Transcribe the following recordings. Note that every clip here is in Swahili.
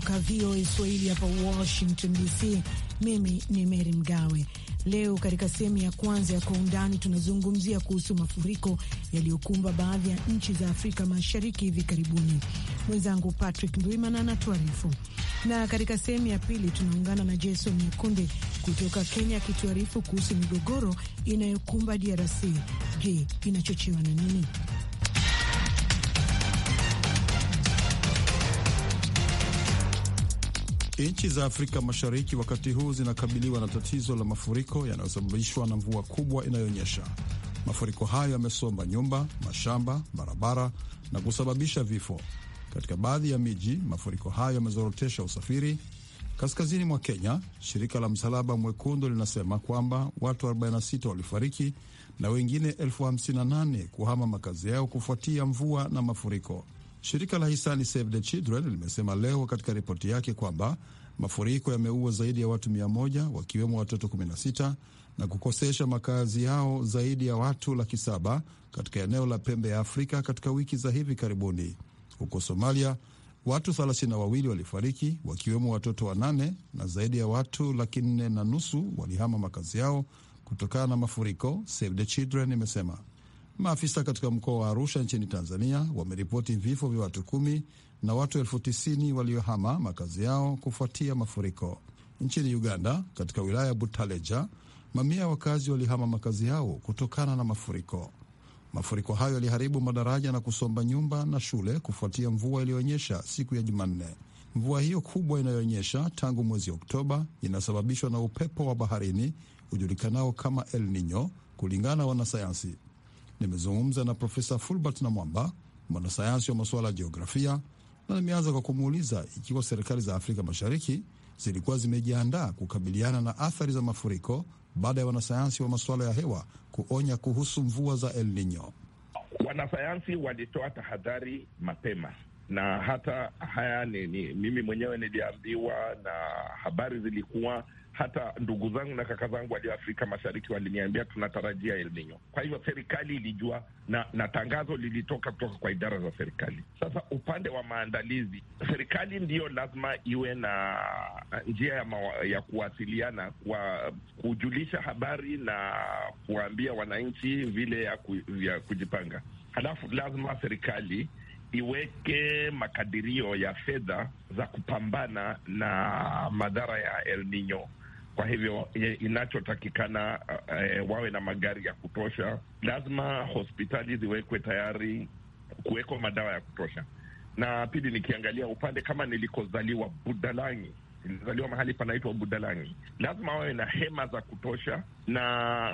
kutoka VOA Swahili hapa Washington DC. Mimi ni Meri Mgawe. Leo katika sehemu ya kwanza ya Kwa Undani tunazungumzia kuhusu mafuriko yaliyokumba baadhi ya nchi za Afrika Mashariki hivi karibuni. Mwenzangu Patrick Ndwimana anatuarifu, na katika sehemu ya pili tunaungana na Jason Nyekunde kutoka Kenya akituarifu kuhusu migogoro inayokumba DRC. Je, inachochewa na nini? Nchi za Afrika Mashariki wakati huu zinakabiliwa na tatizo la mafuriko yanayosababishwa na mvua kubwa inayonyesha. Mafuriko hayo yamesomba nyumba, mashamba, barabara na kusababisha vifo. Katika baadhi ya miji, mafuriko hayo yamezorotesha usafiri. Kaskazini mwa Kenya, shirika la Msalaba Mwekundu linasema kwamba watu 46 walifariki na wengine elfu 58 kuhama makazi yao kufuatia mvua na mafuriko. Shirika la hisani Save the Children limesema leo katika ripoti yake kwamba mafuriko yameua zaidi ya watu 100 wakiwemo watoto 16 na kukosesha makazi yao zaidi ya watu laki saba katika eneo la pembe ya Afrika katika wiki za hivi karibuni. Huko Somalia, watu 32 walifariki wakiwemo watoto wanane na zaidi ya watu laki nne na nusu walihama makazi yao kutokana na mafuriko, Save the Children imesema. Maafisa katika mkoa wa Arusha nchini Tanzania wameripoti vifo vya watu kumi na watu elfu tisini waliohama makazi yao kufuatia mafuriko. Nchini Uganda, katika wilaya ya Butaleja, mamia ya wakazi walihama makazi yao kutokana na mafuriko. Mafuriko hayo yaliharibu madaraja na kusomba nyumba na shule kufuatia mvua iliyoonyesha siku ya Jumanne. Mvua hiyo kubwa inayoonyesha tangu mwezi Oktoba inasababishwa na upepo wa baharini ujulikanao kama El Nino, kulingana na wanasayansi. Nimezungumza na Profesa Fulbert na Mwamba, mwanasayansi wa masuala ya jiografia, na nimeanza kwa kumuuliza ikiwa serikali za Afrika Mashariki zilikuwa zimejiandaa kukabiliana na athari za mafuriko baada ya wanasayansi wa masuala ya hewa kuonya kuhusu mvua za El Nino. Wanasayansi walitoa tahadhari mapema na hata haya ni, ni, mimi mwenyewe niliambiwa na habari zilikuwa hata ndugu zangu na kaka zangu walio Afrika Mashariki waliniambia tunatarajia El Nino. Kwa hivyo serikali ilijua na, na tangazo lilitoka kutoka kwa idara za serikali. Sasa upande wa maandalizi, serikali ndiyo lazima iwe na njia ya, mawa, ya kuwasiliana kwa kujulisha habari na kuwaambia wananchi vile ya, ku, ya kujipanga. Halafu lazima serikali iweke makadirio ya fedha za kupambana na madhara ya El Nino kwa hivyo inachotakikana eh, wawe na magari ya kutosha. Lazima hospitali ziwekwe tayari kuwekwa madawa ya kutosha. Na pili, nikiangalia upande kama nilikozaliwa Budalangi, nilizaliwa mahali panaitwa Budalangi, lazima wawe na hema za kutosha, na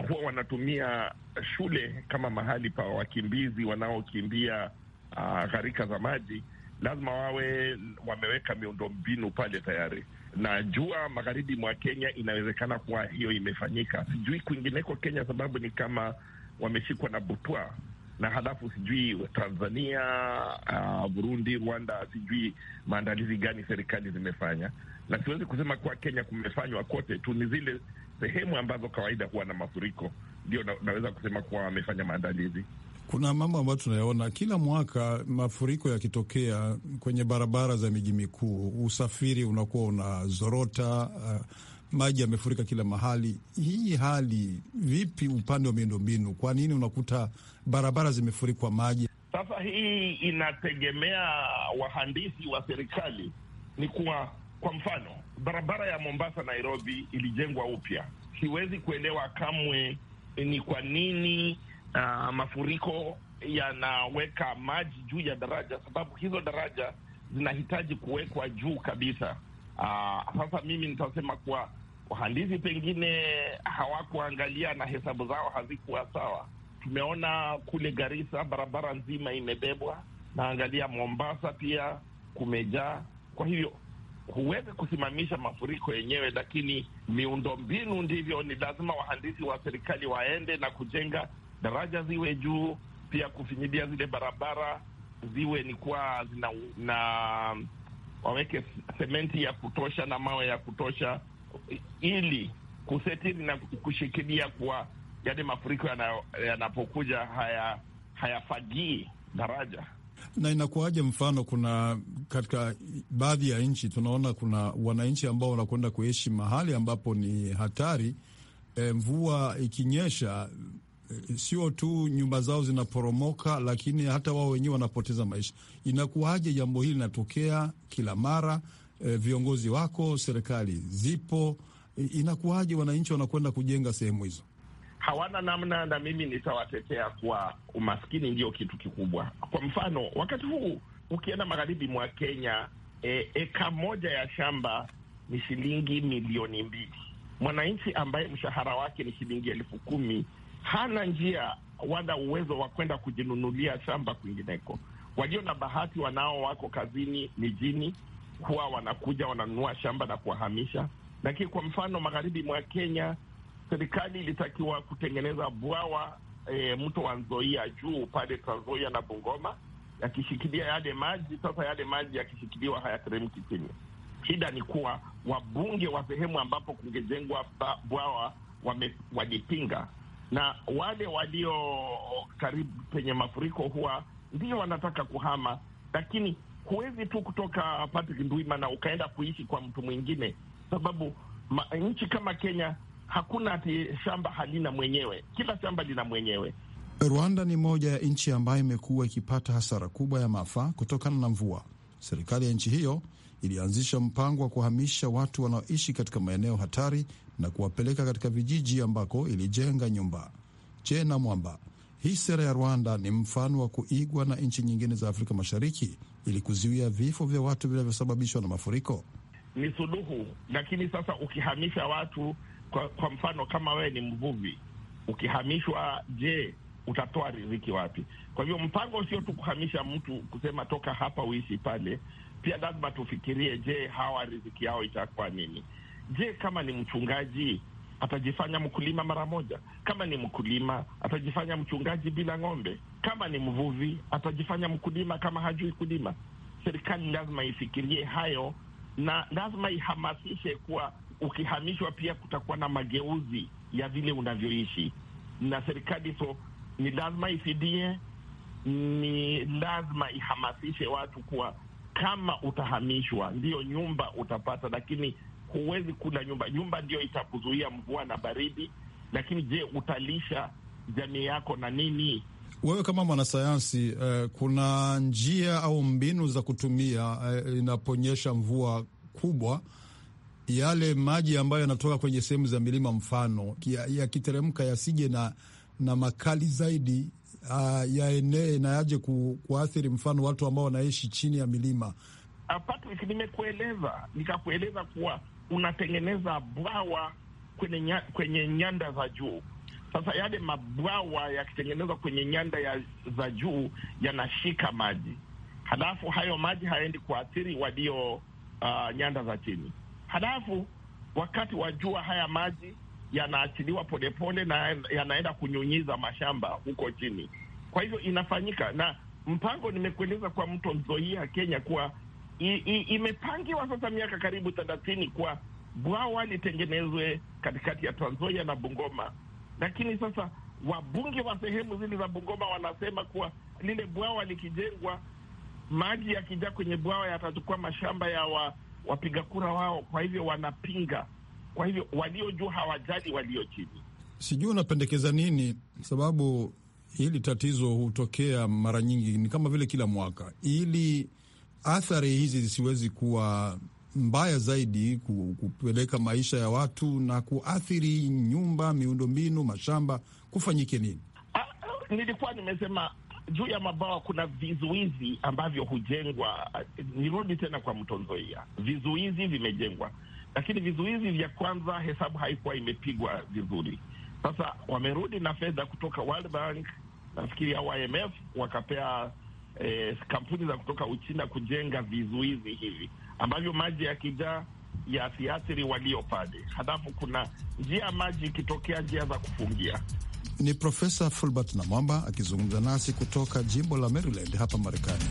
huwa wanatumia shule kama mahali pa wakimbizi wanaokimbia ah, gharika uh, za maji. Lazima wawe wameweka miundo mbinu pale tayari. Najua magharibi mwa Kenya inawezekana kuwa hiyo imefanyika, sijui kwingineko Kenya sababu ni kama wameshikwa na butwa na halafu sijui Tanzania, uh, Burundi, Rwanda, sijui maandalizi gani serikali zimefanya, na siwezi kusema kuwa Kenya kumefanywa kote tu, ni zile sehemu ambazo kawaida huwa na mafuriko ndio na, naweza kusema kuwa wamefanya maandalizi. Kuna mambo ambayo tunayaona kila mwaka, mafuriko yakitokea kwenye barabara za miji mikuu, usafiri unakuwa unazorota, uh, maji yamefurika kila mahali. Hii hali vipi upande wa miundombinu? Kwa nini unakuta barabara zimefurikwa maji? Sasa hii inategemea wahandisi wa serikali. Ni kuwa kwa mfano barabara ya Mombasa Nairobi ilijengwa upya, siwezi kuelewa kamwe ni kwa nini uh, mafuriko yanaweka maji juu ya daraja, sababu hizo daraja zinahitaji kuwekwa juu kabisa. Uh, sasa mimi nitasema kuwa wahandisi pengine hawakuangalia na hesabu zao hazikuwa sawa. Tumeona kule Garissa barabara nzima imebebwa, naangalia Mombasa pia kumejaa. Kwa hivyo huwezi kusimamisha mafuriko yenyewe, lakini miundombinu ndivyo, ni lazima wahandisi wa serikali waende na kujenga daraja ziwe juu, pia kufinyilia zile barabara ziwe ni kuwa zina na waweke sementi ya kutosha na mawe ya kutosha, ili kusetiri na kushikilia kuwa yale mafuriko yanapokuja na, ya haya hayafagii daraja na inakuwaje? Mfano, kuna katika baadhi ya nchi tunaona kuna wananchi ambao wanakwenda kuishi mahali ambapo ni hatari. E, mvua ikinyesha Eh, sio tu nyumba zao zinaporomoka, lakini hata wao wenyewe wanapoteza maisha. Inakuwaje jambo hili linatokea kila mara? E, viongozi wako, serikali zipo, e, inakuwaje wananchi wanakwenda kujenga sehemu hizo? Hawana namna, na mimi nitawatetea kuwa umaskini ndio kitu kikubwa. Kwa mfano, wakati huu ukienda magharibi mwa Kenya, e, eka moja ya shamba ni shilingi milioni mbili. Mwananchi ambaye mshahara wake ni shilingi elfu kumi hana njia wala uwezo wa kwenda kujinunulia shamba kwingineko. Walio na bahati wanao wako kazini mijini, huwa wanakuja wananunua shamba na kuwahamisha. Lakini kwa mfano magharibi mwa Kenya, serikali ilitakiwa kutengeneza bwawa e, mto wa Nzoia juu pale Trans Nzoia na Bungoma, yakishikilia yale maji. Sasa yale maji yakishikiliwa hayateremki chini. Shida ni kuwa wabunge wa sehemu ambapo kungejengwa bwawa walipinga na wale walio karibu penye mafuriko huwa ndio wanataka kuhama, lakini huwezi tu kutoka Patrick na ukaenda kuishi kwa mtu mwingine, sababu nchi kama Kenya hakuna ati shamba halina mwenyewe, kila shamba lina mwenyewe. Rwanda ni moja ya nchi ambayo imekuwa ikipata hasara kubwa ya maafa kutokana na mvua. Serikali ya nchi hiyo ilianzisha mpango wa kuhamisha watu wanaoishi katika maeneo hatari na kuwapeleka katika vijiji ambako ilijenga nyumba. Jena Mwamba, hii sera ya Rwanda ni mfano wa kuigwa na nchi nyingine za Afrika Mashariki ili kuzuia vifo vya watu vinavyosababishwa na mafuriko. Ni suluhu, lakini sasa ukihamisha watu kwa, kwa mfano kama wewe ni mvuvi ukihamishwa, je, utatoa riziki wapi? Kwa hivyo mpango sio tu kuhamisha mtu kusema toka hapa uishi pale, pia lazima tufikirie, je, hawa riziki yao itakuwa nini? Je, kama ni mchungaji atajifanya mkulima mara moja? Kama ni mkulima atajifanya mchungaji bila ng'ombe? Kama ni mvuvi atajifanya mkulima kama hajui kulima? Serikali lazima ifikirie hayo na lazima ihamasishe kuwa ukihamishwa pia kutakuwa na mageuzi ya vile unavyoishi na serikali. So ni lazima ifidie, ni lazima ihamasishe watu kuwa kama utahamishwa, ndiyo nyumba utapata, lakini huwezi kula nyumba. Nyumba ndio itakuzuia mvua na baridi, lakini je, utalisha jamii yako na nini? Wewe kama mwanasayansi eh, kuna njia au mbinu za kutumia eh, inaponyesha mvua kubwa, yale maji ambayo yanatoka kwenye sehemu za milima, mfano yakiteremka, ya yasije na, na makali zaidi Uh, yaenee na yaje ku, kuathiri mfano watu ambao wanaishi chini ya milima. Ah, Patrick, nimekueleza nikakueleza kuwa unatengeneza bwawa kwenye, nya, kwenye nyanda za juu. Sasa yale mabwawa yakitengenezwa kwenye nyanda ya, za juu yanashika maji, halafu hayo maji hayaendi kuathiri walio uh, nyanda za chini. Halafu wakati wa jua haya maji yanaachiliwa polepole na yanaenda kunyunyiza mashamba huko chini. Kwa hivyo inafanyika na mpango nimekueleza kwa mto Nzoia Kenya kuwa imepangiwa sasa miaka karibu thelathini kwa bwawa litengenezwe katikati ya tanzoia na Bungoma, lakini sasa wabunge wa sehemu zile za Bungoma wanasema kuwa lile bwawa likijengwa, maji yakijaa kwenye bwawa yatachukua mashamba ya wa, wapiga kura wao. Kwa hivyo wanapinga. Kwa hivyo walio juu hawajali walio chini. Sijui unapendekeza nini? Sababu hili tatizo hutokea mara nyingi, ni kama vile kila mwaka ili athari hizi zisiwezi kuwa mbaya zaidi kupeleka maisha ya watu na kuathiri nyumba, miundombinu, mashamba, kufanyike nini? Ah, ah, nilikuwa nimesema juu ya mabawa kuna vizuizi ambavyo hujengwa. Nirudi tena kwa Mto Nzoia, vizuizi vimejengwa, lakini vizuizi vya kwanza hesabu haikuwa imepigwa vizuri. Sasa wamerudi na fedha kutoka World Bank, nafikiri au IMF, wakapea eh, kampuni za kutoka Uchina kujenga vizuizi hivi ambavyo maji yakijaa yasiathiri walio pale. Halafu kuna njia maji ikitokea njia za kufungia. Ni Profesa Fulbert Namwamba akizungumza nasi kutoka jimbo la Maryland hapa Marekani.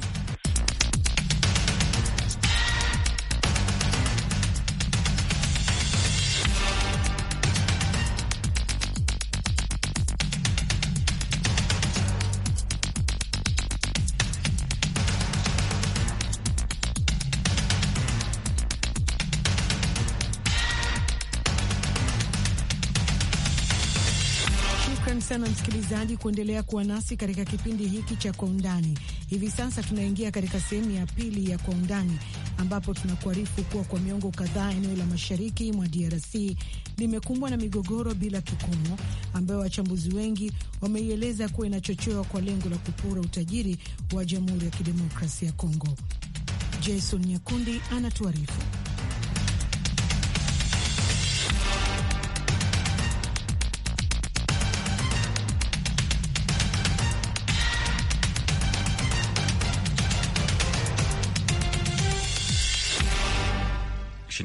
Shukran sana msikilizaji kuendelea kuwa nasi katika kipindi hiki cha Kwa Undani. Hivi sasa tunaingia katika sehemu ya pili ya Kwa Undani, ambapo tunakuarifu kuwa kwa miongo kadhaa eneo la mashariki mwa DRC limekumbwa na migogoro bila kikomo, ambayo wachambuzi wengi wameieleza kuwa inachochewa kwa lengo la kupora utajiri wa Jamhuri ya Kidemokrasia ya Kongo. Jason Nyakundi anatuarifu.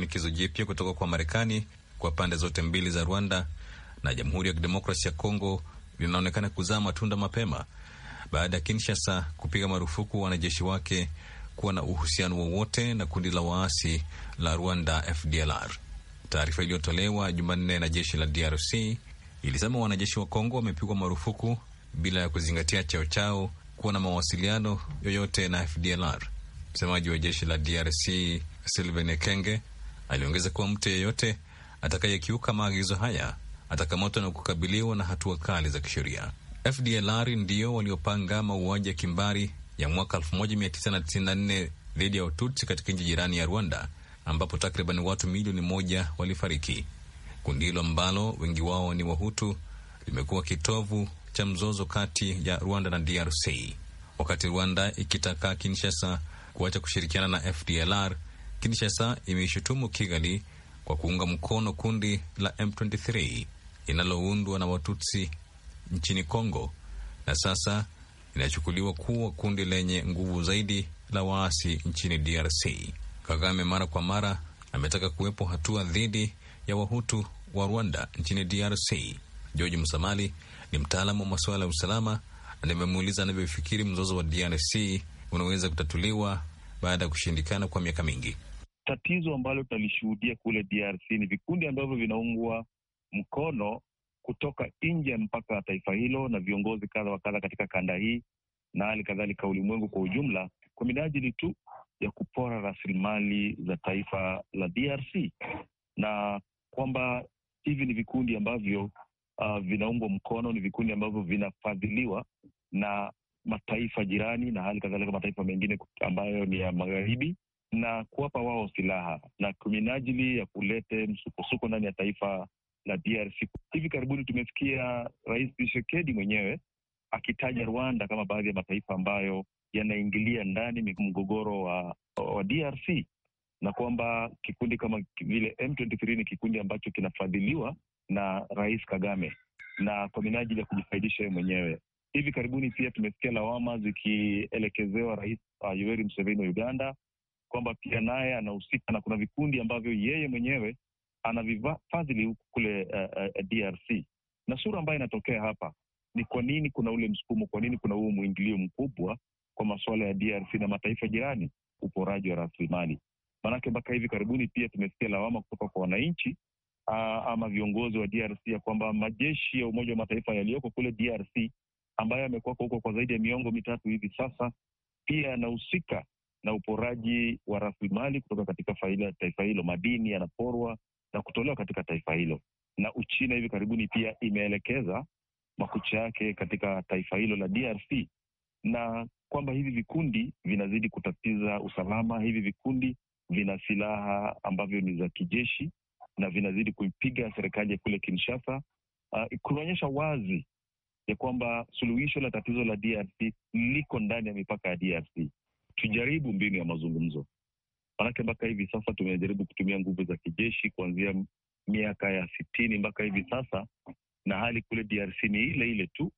shinikizo jipya kutoka kwa Marekani kwa pande zote mbili za Rwanda na Jamhuri ya Kidemokrasi ya Kongo linaonekana kuzaa matunda mapema baada ya Kinshasa kupiga marufuku wanajeshi wake kuwa na uhusiano wowote na kundi la waasi la Rwanda FDLR. Taarifa iliyotolewa Jumanne na jeshi la DRC ilisema wanajeshi wa Kongo wamepigwa marufuku bila ya kuzingatia cheo chao kuwa na mawasiliano yoyote na FDLR. Msemaji wa jeshi la DRC Sylvain Ekenge Aliongeza kuwa mtu yeyote atakayekiuka maagizo haya atakamatwa na kukabiliwa na hatua kali za kisheria. FDLR ndiyo waliopanga mauaji ya kimbari ya mwaka 1994 dhidi ya Watutsi katika nchi jirani ya Rwanda, ambapo takriban watu milioni moja walifariki. Kundi hilo ambalo wengi wao ni Wahutu limekuwa kitovu cha mzozo kati ya Rwanda na DRC. Wakati Rwanda ikitaka Kinshasa kuacha kushirikiana na FDLR, Kinshasa imeishutumu Kigali kwa kuunga mkono kundi la M23 linaloundwa na Watutsi nchini congo na sasa inachukuliwa kuwa kundi lenye nguvu zaidi la waasi nchini DRC. Kagame mara kwa mara ametaka kuwepo hatua dhidi ya Wahutu wa Rwanda nchini DRC. George Msamali ni mtaalamu wa masuala ya usalama na nimemuuliza anavyofikiri mzozo wa DRC unaweza kutatuliwa baada ya kushindikana kwa miaka mingi. Tatizo ambalo tunalishuhudia kule DRC ni vikundi ambavyo vinaungwa mkono kutoka nje mpaka ya taifa hilo na viongozi kadha wa kadha katika kanda hii na hali kadhalika ulimwengu kwa ujumla, kwa minajili tu ya kupora rasilimali za taifa la DRC, na kwamba hivi ni vikundi ambavyo uh, vinaungwa mkono, ni vikundi ambavyo vinafadhiliwa na mataifa jirani na hali kadhalika mataifa mengine ambayo ni ya magharibi na kuwapa wao silaha na kwa minajili ya kulete msukosuko ndani ya taifa la DRC. Hivi karibuni tumesikia Rais Tshisekedi mwenyewe akitaja Rwanda kama baadhi ya mataifa ambayo yanaingilia ndani mgogoro wa, wa DRC na kwamba kikundi kama vile M23 ni kikundi ambacho kinafadhiliwa na Rais Kagame na kwa minajili ya kujifaidisha yeye mwenyewe. Hivi karibuni pia tumesikia lawama zikielekezewa Rais uh, Yoweri Museveni wa Uganda kwamba pia naye anahusika na kuna vikundi ambavyo yeye mwenyewe anavifadhili huku kule uh, uh, DRC. Na sura ambayo inatokea hapa ni kwa nini kuna ule msukumo, kwa nini kuna huo mwingilio mkubwa kwa masuala ya DRC na mataifa jirani, uporaji wa rasilimali. Maanake mpaka hivi karibuni pia tumesikia lawama kutoka kwa wananchi uh, ama viongozi wa DRC ya kwamba majeshi ya Umoja wa Mataifa yaliyoko kule DRC ambaye amekuwako huko kwa zaidi ya miongo mitatu hivi sasa, pia anahusika na uporaji wa rasilimali kutoka katika faila taifa hilo. Madini yanaporwa na kutolewa katika taifa hilo, na Uchina hivi karibuni pia imeelekeza makucha yake katika taifa hilo la DRC, na kwamba hivi vikundi vinazidi kutatiza usalama. Hivi vikundi vina silaha ambavyo ni za kijeshi na vinazidi kuipiga serikali ya kule Kinshasa. Uh, kunaonyesha wazi ya kwamba suluhisho la tatizo la DRC liko ndani ya mipaka ya DRC. Tujaribu mbinu ya mazungumzo, maanake mpaka hivi sasa tumejaribu kutumia nguvu za kijeshi kuanzia miaka ya sitini mpaka hivi sasa, na hali kule DRC ni ile ile tu.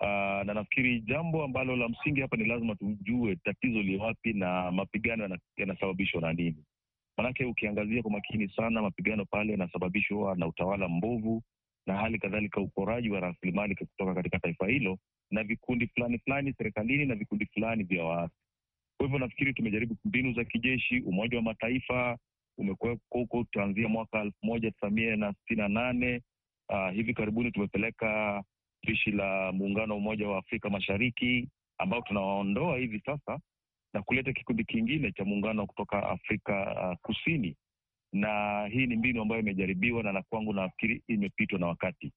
Uh, na nafikiri jambo ambalo la msingi hapa ni lazima tujue tatizo li wapi na mapigano yanasababishwa na nini. Maanake ukiangazia kwa makini sana, mapigano pale yanasababishwa na utawala mbovu na hali kadhalika uporaji wa rasilimali kutoka katika taifa hilo na vikundi fulani fulani serikalini na vikundi fulani vya waasi. Kwa hivyo nafikiri tumejaribu mbinu za kijeshi. Umoja wa Mataifa umekuwepo huko tuanzia mwaka elfu moja tisa mia na sitini na nane. Uh, hivi karibuni tumepeleka jeshi la muungano wa Umoja wa Afrika Mashariki ambao tunawaondoa hivi sasa na kuleta kikundi kingine cha muungano kutoka Afrika uh, Kusini na hii ni mbinu ambayo imejaribiwa na kwangu nafikiri imepitwa na wakati,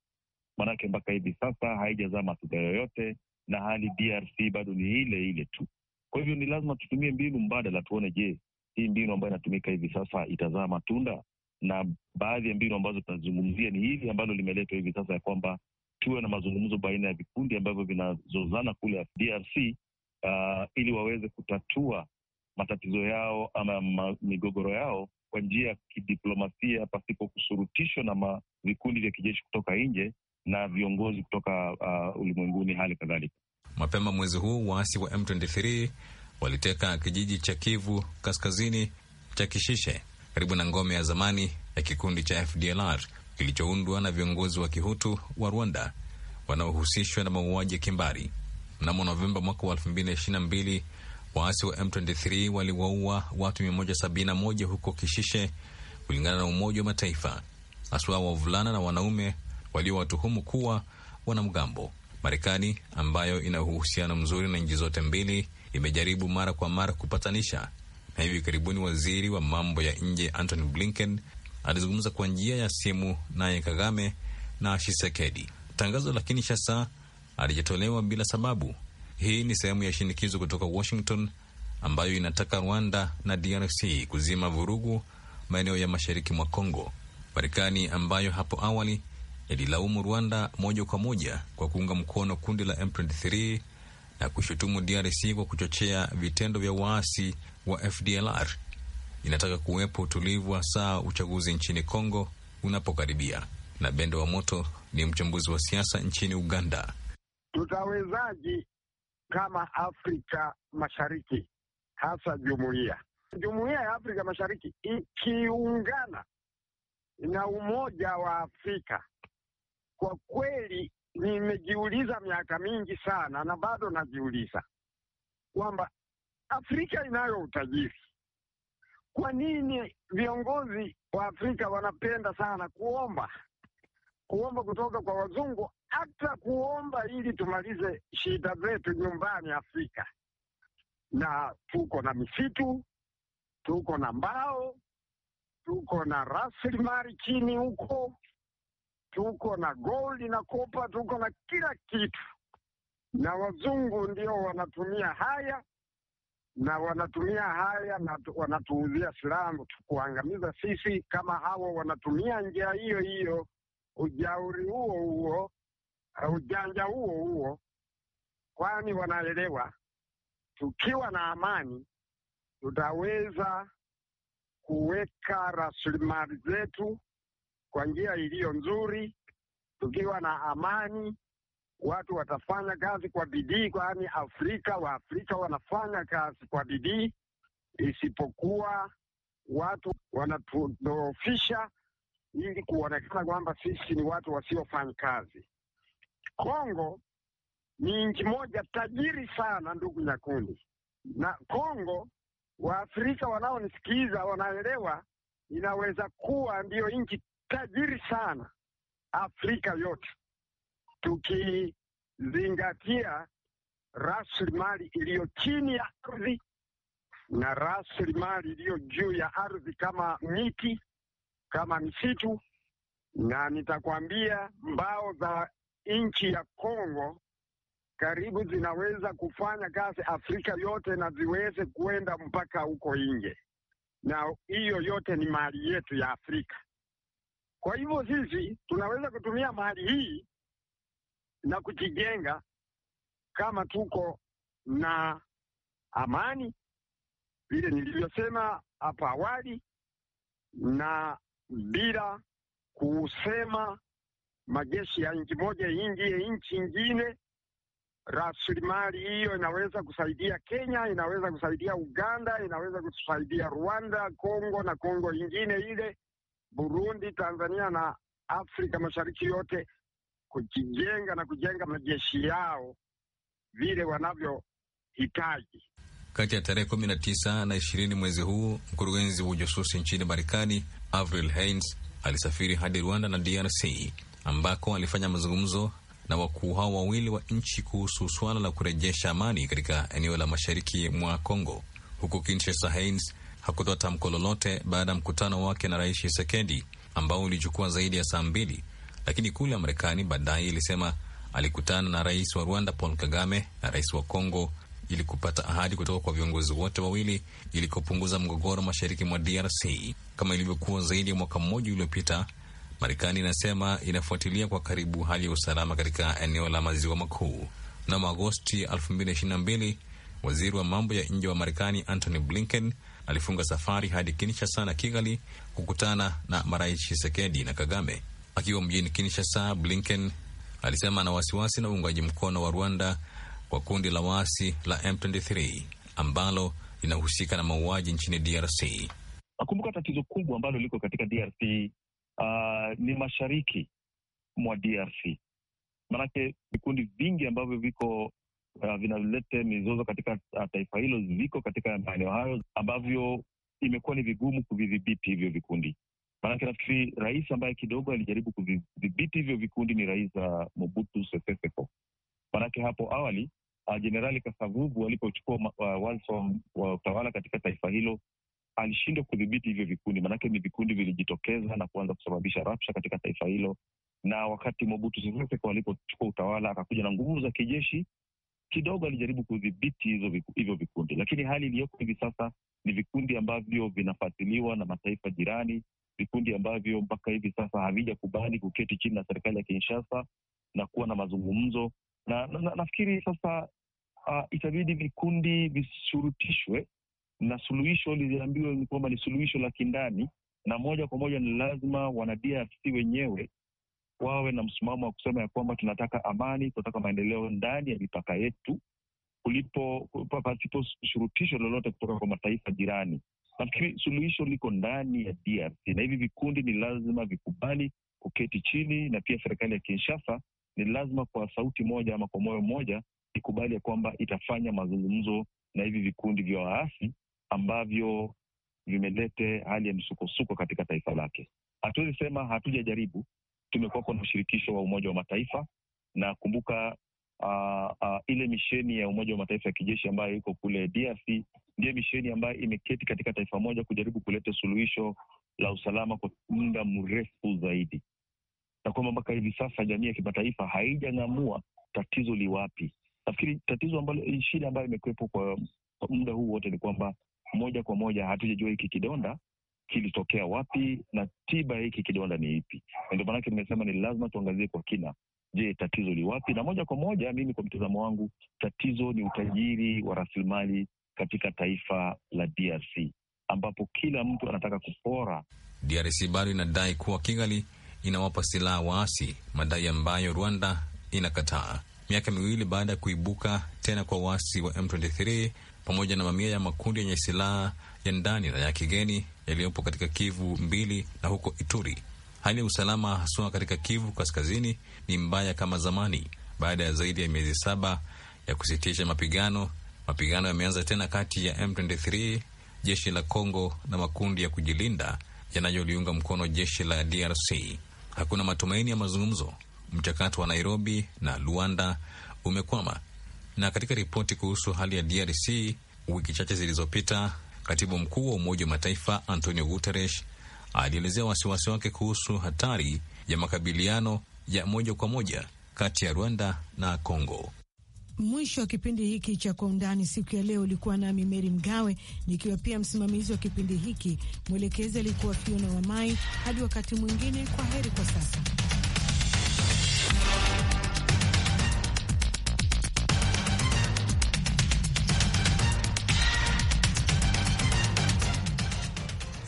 maanake mpaka hivi sasa haijazaa matunda yoyote na hali DRC bado ni ile ile tu. Kwa hivyo ni lazima tutumie mbinu mbadala, tuone, je, hii mbinu ambayo inatumika hivi sasa itazaa matunda? Na baadhi ya mbinu ambazo tunazungumzia ni hili ambalo limeletwa hivi sasa, ya kwamba tuwe na mazungumzo baina ya vikundi ambavyo vinazozana kule DRC, uh, ah, ili waweze kutatua matatizo yao ama migogoro yao kwa njia ya kidiplomasia pasipo kushurutishwa na vikundi vya kijeshi kutoka nje na viongozi kutoka uh, ulimwenguni hali kadhalika. Mapema mwezi huu waasi wa M23 waliteka kijiji cha Kivu kaskazini cha Kishishe karibu na ngome ya zamani ya kikundi cha FDLR kilichoundwa na viongozi wa Kihutu wa Rwanda wanaohusishwa na mauaji ya kimbari. Mnamo Novemba mwaka wa elfu mbili na ishirini na mbili Waasi wa M23 waliwaua watu 171 huko Kishishe, kulingana na Umoja wa Mataifa, haswa wavulana na wanaume waliowatuhumu kuwa wanamgambo. Marekani ambayo ina uhusiano mzuri na nchi zote mbili imejaribu mara kwa mara kupatanisha, na hivi karibuni waziri wa mambo ya nje Antony Blinken alizungumza kwa njia ya simu naye Kagame na Shisekedi. Tangazo la Kinshasa alijatolewa bila sababu hii ni sehemu ya shinikizo kutoka Washington ambayo inataka Rwanda na DRC kuzima vurugu maeneo ya mashariki mwa congo Marekani ambayo hapo awali ililaumu Rwanda moja kwa moja kwa kuunga mkono kundi la M23 na kushutumu DRC kwa kuchochea vitendo vya waasi wa FDLR inataka kuwepo utulivu hasa uchaguzi nchini congo unapokaribia. Na Bende wa Moto ni mchambuzi wa siasa nchini Uganda. Tutawezaje kama Afrika Mashariki, hasa jumuiya jumuiya ya Afrika Mashariki ikiungana na Umoja wa Afrika. Kwa kweli nimejiuliza miaka mingi sana na bado najiuliza kwamba Afrika inayo utajiri, kwa nini viongozi wa Afrika wanapenda sana kuomba kuomba kutoka kwa wazungu hata kuomba ili tumalize shida zetu nyumbani Afrika, na tuko na misitu, tuko na mbao, tuko na rasilimali chini huko, tuko na gold na kopa, tuko na kila kitu, na wazungu ndio wanatumia haya na wanatumia haya na wanatuuzia silaha kuangamiza sisi. Kama hawa wanatumia njia hiyo hiyo, ujauri huo huo Eh, ujanja huo huo, kwani wanaelewa tukiwa na amani tutaweza kuweka rasilimali zetu kwa njia iliyo nzuri. Tukiwa na amani, watu watafanya kazi kwa bidii, kwani Afrika Waafrika wanafanya kazi kwa bidii, isipokuwa watu wanatudhoofisha ili kuonekana kwamba sisi ni watu wasiofanya kazi. Kongo ni nchi moja tajiri sana, ndugu Nyakundi, na Kongo Waafrika wanaonisikiza wanaelewa, inaweza kuwa ndiyo nchi tajiri sana Afrika yote, tukizingatia rasilimali iliyo chini ya ardhi na rasilimali iliyo juu ya ardhi kama miti, kama misitu, na nitakwambia mbao za nchi ya Kongo karibu zinaweza kufanya kazi Afrika yote na ziweze kwenda mpaka huko nje, na hiyo yote ni mali yetu ya Afrika. Kwa hivyo sisi tunaweza kutumia mali hii na kujijenga kama tuko na amani, vile nilivyosema hapa awali, na bila kusema majeshi ya nchi moja ingie nchi nyingine. Rasilimali hiyo inaweza kusaidia Kenya, inaweza kusaidia Uganda, inaweza kusaidia Rwanda, Kongo na Kongo ingine ile, Burundi, Tanzania na Afrika Mashariki yote kujijenga na kujenga majeshi yao vile wanavyohitaji. Kati ya tarehe 19 na 20 mwezi huu, mkurugenzi wa ujasusi nchini Marekani Avril Haines alisafiri hadi Rwanda na DRC ambako alifanya mazungumzo na wakuu hao wawili wa nchi kuhusu suala la kurejesha amani katika eneo la mashariki mwa congo Huku Kinshasa, Haines hakutoa tamko lolote baada ya mkutano wake na Rais chisekedi ambao ulichukua zaidi ya saa mbili, lakini kule ya Marekani baadaye ilisema alikutana na rais wa Rwanda Paul Kagame na rais wa congo ili kupata ahadi kutoka kwa viongozi wote wawili ili kupunguza mgogoro mashariki mwa DRC kama ilivyokuwa zaidi ya mwaka mmoja uliopita Marekani inasema inafuatilia kwa karibu hali ya usalama katika eneo la maziwa makuu. Mnamo Agosti 2022 waziri wa mambo ya nje wa Marekani Antony Blinken alifunga safari hadi Kinshasa na Kigali kukutana na marais chisekedi na Kagame. Akiwa mjini Kinshasa, Blinken alisema ana wasiwasi na uungaji mkono wa Rwanda kwa kundi la waasi la M23 ambalo linahusika na mauaji nchini DRC. Nakumbuka tatizo kubwa ambalo liko katika DRC uh, ni mashariki mwa DRC, maanake vikundi vingi ambavyo viko uh, vinalete mizozo katika uh, taifa hilo viko katika maeneo hayo ambavyo imekuwa ni vigumu kuvidhibiti hivyo vikundi. Maanake nafikiri rais ambaye kidogo alijaribu kuvidhibiti hivyo vikundi ni rais uh, Mobutu Sese Seko. Maanake hapo awali jenerali uh, Kasavubu alipochukua uh, wa uh, utawala katika taifa hilo alishindwa kudhibiti hivyo vikundi, maanake ni vikundi vilijitokeza na kuanza kusababisha rapsha katika taifa hilo. Na wakati Mobutu Sese Seko alipochukua utawala, akakuja na nguvu za kijeshi, kidogo alijaribu kudhibiti hivyo vikundi, lakini hali iliyoko hivi sasa ni vikundi ambavyo vinafuatiliwa na mataifa jirani, vikundi ambavyo mpaka hivi sasa havijakubali kuketi chini na serikali ya Kinshasa na kuwa na mazungumzo na, na, na nafikiri sasa uh, itabidi vikundi vishurutishwe na suluhisho liliambiwa kwamba ni suluhisho la kindani, na moja kwa moja ni lazima wana DRC wenyewe wawe na msimamo wa kusema ya kwamba tunataka amani, tunataka maendeleo ndani ya mipaka yetu kulipo pasipo shurutisho lolote kutoka kwa mataifa jirani. Nafikiri suluhisho liko ndani ya DRC na hivi vikundi ni lazima vikubali kuketi chini, na pia serikali ya Kinshasa ni lazima kwa sauti moja ama kwa moyo mmoja ikubali ya kwamba itafanya mazungumzo na hivi vikundi vya waasi ambavyo vimelete hali ya msukosuko katika taifa lake. Hatuwezi sema hatujajaribu, tumekuwako na ushirikisho wa Umoja wa Mataifa na kumbuka, uh, uh, ile misheni ya Umoja wa Mataifa ya kijeshi ambayo iko kule DRC ndiyo misheni ambayo imeketi katika taifa moja kujaribu kuleta suluhisho la usalama kwa muda mrefu zaidi, na kwamba mpaka hivi sasa jamii ya kimataifa haijang'amua tatizo liwapi. Nafikiri tatizo ambalo, shida ambayo imekuwepo kwa muda huu wote ni kwamba moja kwa moja hatujajua hiki kidonda kilitokea wapi na tiba ya hiki kidonda ni ipi. Ndio maanake nimesema ni lazima tuangazie kwa kina, je, tatizo li wapi? Na moja kwa moja, mimi kwa mtazamo wangu, tatizo ni utajiri wa rasilimali katika taifa la DRC ambapo kila mtu anataka kupora. DRC bado inadai kuwa Kigali inawapa silaha waasi, madai ambayo Rwanda inakataa miaka miwili baada ya kuibuka tena kwa waasi wa M23 pamoja na mamia ya makundi yenye silaha ya ndani na ya kigeni yaliyopo katika Kivu mbili na huko Ituri. Hali ya usalama haswa katika Kivu kaskazini ni mbaya kama zamani. Baada ya zaidi ya miezi saba ya kusitisha mapigano, mapigano yameanza tena kati ya M23, jeshi la Kongo na makundi ya kujilinda yanayoliunga mkono jeshi la DRC. Hakuna matumaini ya mazungumzo mchakato wa Nairobi na Luanda umekwama. Na katika ripoti kuhusu hali ya DRC wiki chache zilizopita, katibu mkuu wa Umoja wa Mataifa Antonio Guterres alielezea wasiwasi wake kuhusu hatari ya makabiliano ya moja kwa moja kati ya Rwanda na congo Mwisho wa kipindi hiki cha Kwa Undani siku ya leo, ulikuwa nami Meri Mgawe nikiwa pia msimamizi wa kipindi hiki. Mwelekezi alikuwa Fiona Wamai. Hadi wakati mwingine, kwa heri kwa sasa.